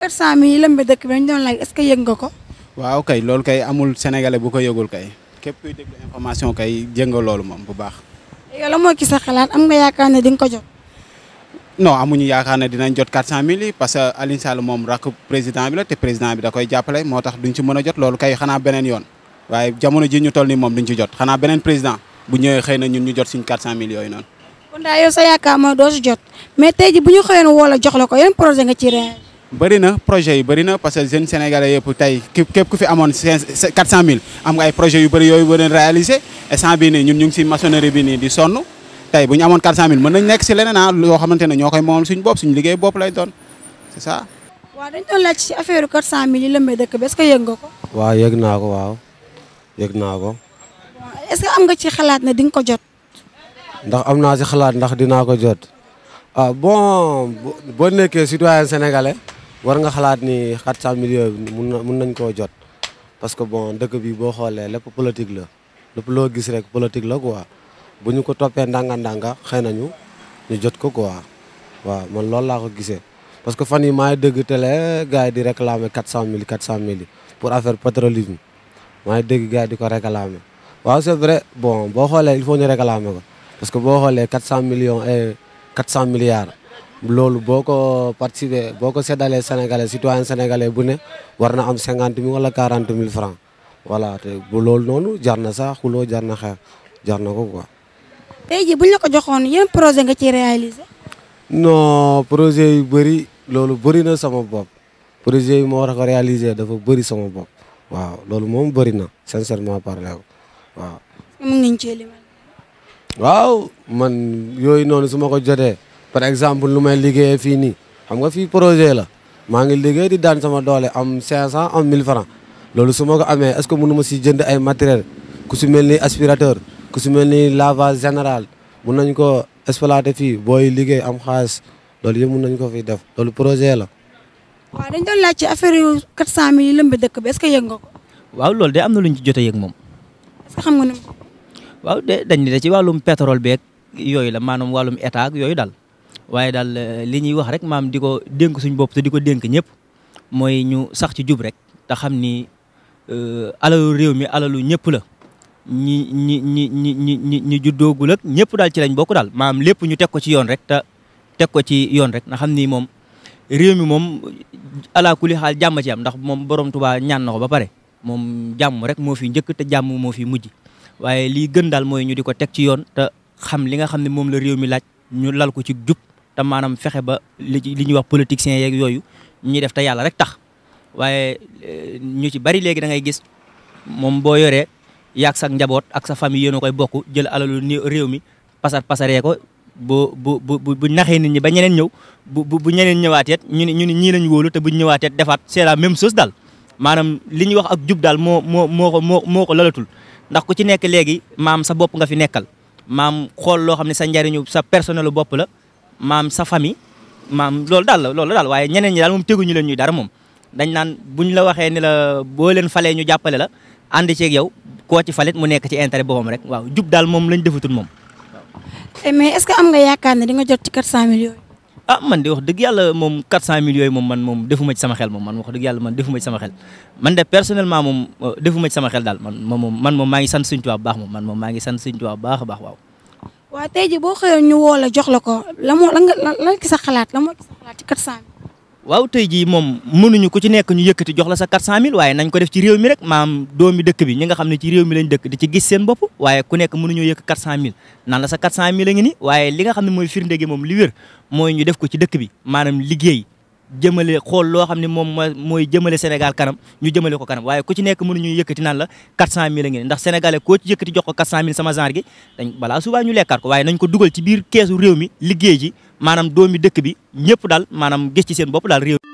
commerçant mi lëmbe dëkk bi ñu doon laaj est-ce que yëg nga ko. waaw kay loolu kay amul sénégalais bu ko yëgul kay képp kuy déglu information kay jënga loolu moom bu baax. yow la moo ci sa xalaat am nga yaakaar ne di ko jot. non amuñu yaakaar ne dinañ jot 400000 yi parce que Alioune Sall moom rakk président bi la te président bi da koy jàppale moo tax duñ ci mën a jot loolu kay xanaa beneen yoon waaye jamono ji ñu toll nii moom duñ ci jot xana beneen président bu ñëwee xëy na ñun ñu jot suñ 400000 yooyu noonu. kon daal yow sa yaakaar mooy doo jot mais tey ji bu ñu xëyoon woo la jox la ko yan projet nga ci réer. bëri na projet yi bëri na parce que jeunes sénégalais yëpp tey képp ku fi amoon 400000 am nga ay projet yu bëri yooyu war a réaliser ñu ngi si maçonnerie bi sonn. tey bu ñu amoon 400000 mën nañ nekk si leneen ah yoo xamante ne ñoo koy moomal suñu bopp suñu liggéey bopp lay doon c'est ça. waaw dañ doon laaj si affaire 400000 yi lëmbee dëkk bi est-ce que yëg nga naa ko waaw naa ko. est que am nga ci xalaat ne di nga ko jot. ndax am naa si xalaat ndax dinaa ko jot ah bon boo nekkee citoyen sénégalais war nga xalaat ni 400000 yooyu mun na mun nañ koo jot parce que bon dëkk bi boo xoolee lépp politique la lépp loo gis rek politique la waa buñu ko topé ndanga ndanga xëy ñu jot ko quoi wa man lool la ko gisee parce que fani may maa dégg télé gaay di réclamer 400 000 400 000 pour affaire pétrolisme may ngi dégg gars di ko réclamer wa c'est vrai bon bo xolé il faut ñu réclamer ko parce que bo xolé 400 millions et eh, 400 milliards loolu boko ko participer boo ko sénégalais citoyen sénégalais bu né warna am 50000 wala 40000 francs voilà té bu loolu noonu jarna na sax xuloo jar na xeex ko quoi tey jii bu ñu la ko joxoon yéen projet nga ci réaliser. non projet yu bëri loolu bëri na sama bopp projet yi moo war a ko réaliser dafa bëri sama bopp waaw loolu moom bëri na sincèrement parler waaw. mën nañ cee waaw man yooyu noonu suma ko jotee par exemple lu may liggéeyee fii nii xam nga fii projet la maa ngi liggéey di daan sama doole am 500 am mille francs loolu su ma ko amee est-ce que mënu ma si jënd ay matériel ku si mel ni aspirateur. ku si mel ni lavage général mun nañ ko exploiter fii booy liggéey am xaalis loolu yëpp mun nañ ko fi def loolu projet la. waaw dañ doon laaj ci affaire yu 400000 yi lëmbe dëkk bi est-ce que yëg nga ko. waaw loolu am na lu ñu ci jot a moom. xam nga ni. waaw de dañ ne ci wàllum pétrole beeg yooyu la maanaam wàllum état ak yooyu daal waaye daal euh, li ñuy wax rek maam di ko dénk suñu bopp te di ko dénk ñëpp mooy ñu sax ci jub rek te xam ni euh, alalu réew mi alalu ñëpp la. ñi ñi ñi ñi ñi ñi ñi juddoogul ak ñëpp daal ci lañ bokk daal maam lépp ñu teg ko ci yoon rek te teg ko ci yoon rek nga xam ni moom réew mi moom alaa kulli xaal jàmm ci ndax moom borom Tuubaa ñaan na ko ba pare moom jàmm rek moo fi njëkk te jàmm moo fi mujj waaye lii gën daal mooy ñu di ko teg ci yoon xam li nga xam ne moom la réew mi laaj ñu lal ko ci jub te maanaam fexe ba li li ñuy wax politiciens yeeg yooyu ñuy def te yàlla rek tax waaye euh, ñu ci bari léegi da ngay gis moom boo yoree yak sak njabot ak sa famille yéen koy bokku jël alalu réew mi pasar pasaree ko bu bu bu bu naxé nit ñi ba ñeneen ñew bu bu ñeneen ñëwaateet ñu ni ñu ni lañ wolu te bu ñëwaateet defat c'est la même chose dal manam liñ wax ak djub dal moo moo moo ko moo moo ko lalatul ndax ku ci nekk légui mam sa bop nga fi nekkal maam xol loo xamni sa ndariñu sa personnel bop la maam sa famille maam lool dal lool dal waye ñeneen ñi mom teggu ñu leen ñuy dara mom dañ nan buñ la waxé ni la bo leen falé ñu jappalé la ci ak yow ko ci falit mu nek ci intérêt bobom rek waaw djub dal mom lañ defutul mom eh, mais est-ce que am nga yakkar ni nga jot ci 400 millions. ah man di wax deug yalla mom 400 millions mom man mom defuma ci sama xel mom man wax deug yalla man defuma ci sama xel man de personnellement mom euh, defuma ci sama xel dal man mom man mom maa sante sant touba bax mom man mom maa sante sant touba bax bax waaw. wa tayji bo xeyo ñu wo la jox la ko la mo la nga la lan ci sa xalaat la mo ci sa xalaat ci 400 waaw tey jii moom mënuñu ku ci nekk ñu yëkkati jox la sa 400000 waaye nañ ko def ci réew mi rek maam doomi dëkk bi ne ci réew mi di ci gis seen bopp waaye ku nekk mënuñoo yëkk 400000 naan la sa a ngi ni waaye li nga xam ne bi maanaam liggéey jëmale xool loo xam ne moom mooy jëmale Sénégal kanam ñu jëmale ko kanam waaye ku ci nekk mënuñu yëkkati naan la 400000 a ngi ni ndax sénégalais koo ci yëkkati jox ko 400000 sama genre gi dañ balaa subaa ñu lekkaat ko waaye nañ ko dugal ci biir keesu réew mi maanaam doomi dëkk bi ñëpp daal maanaam gis ci seen bopp daal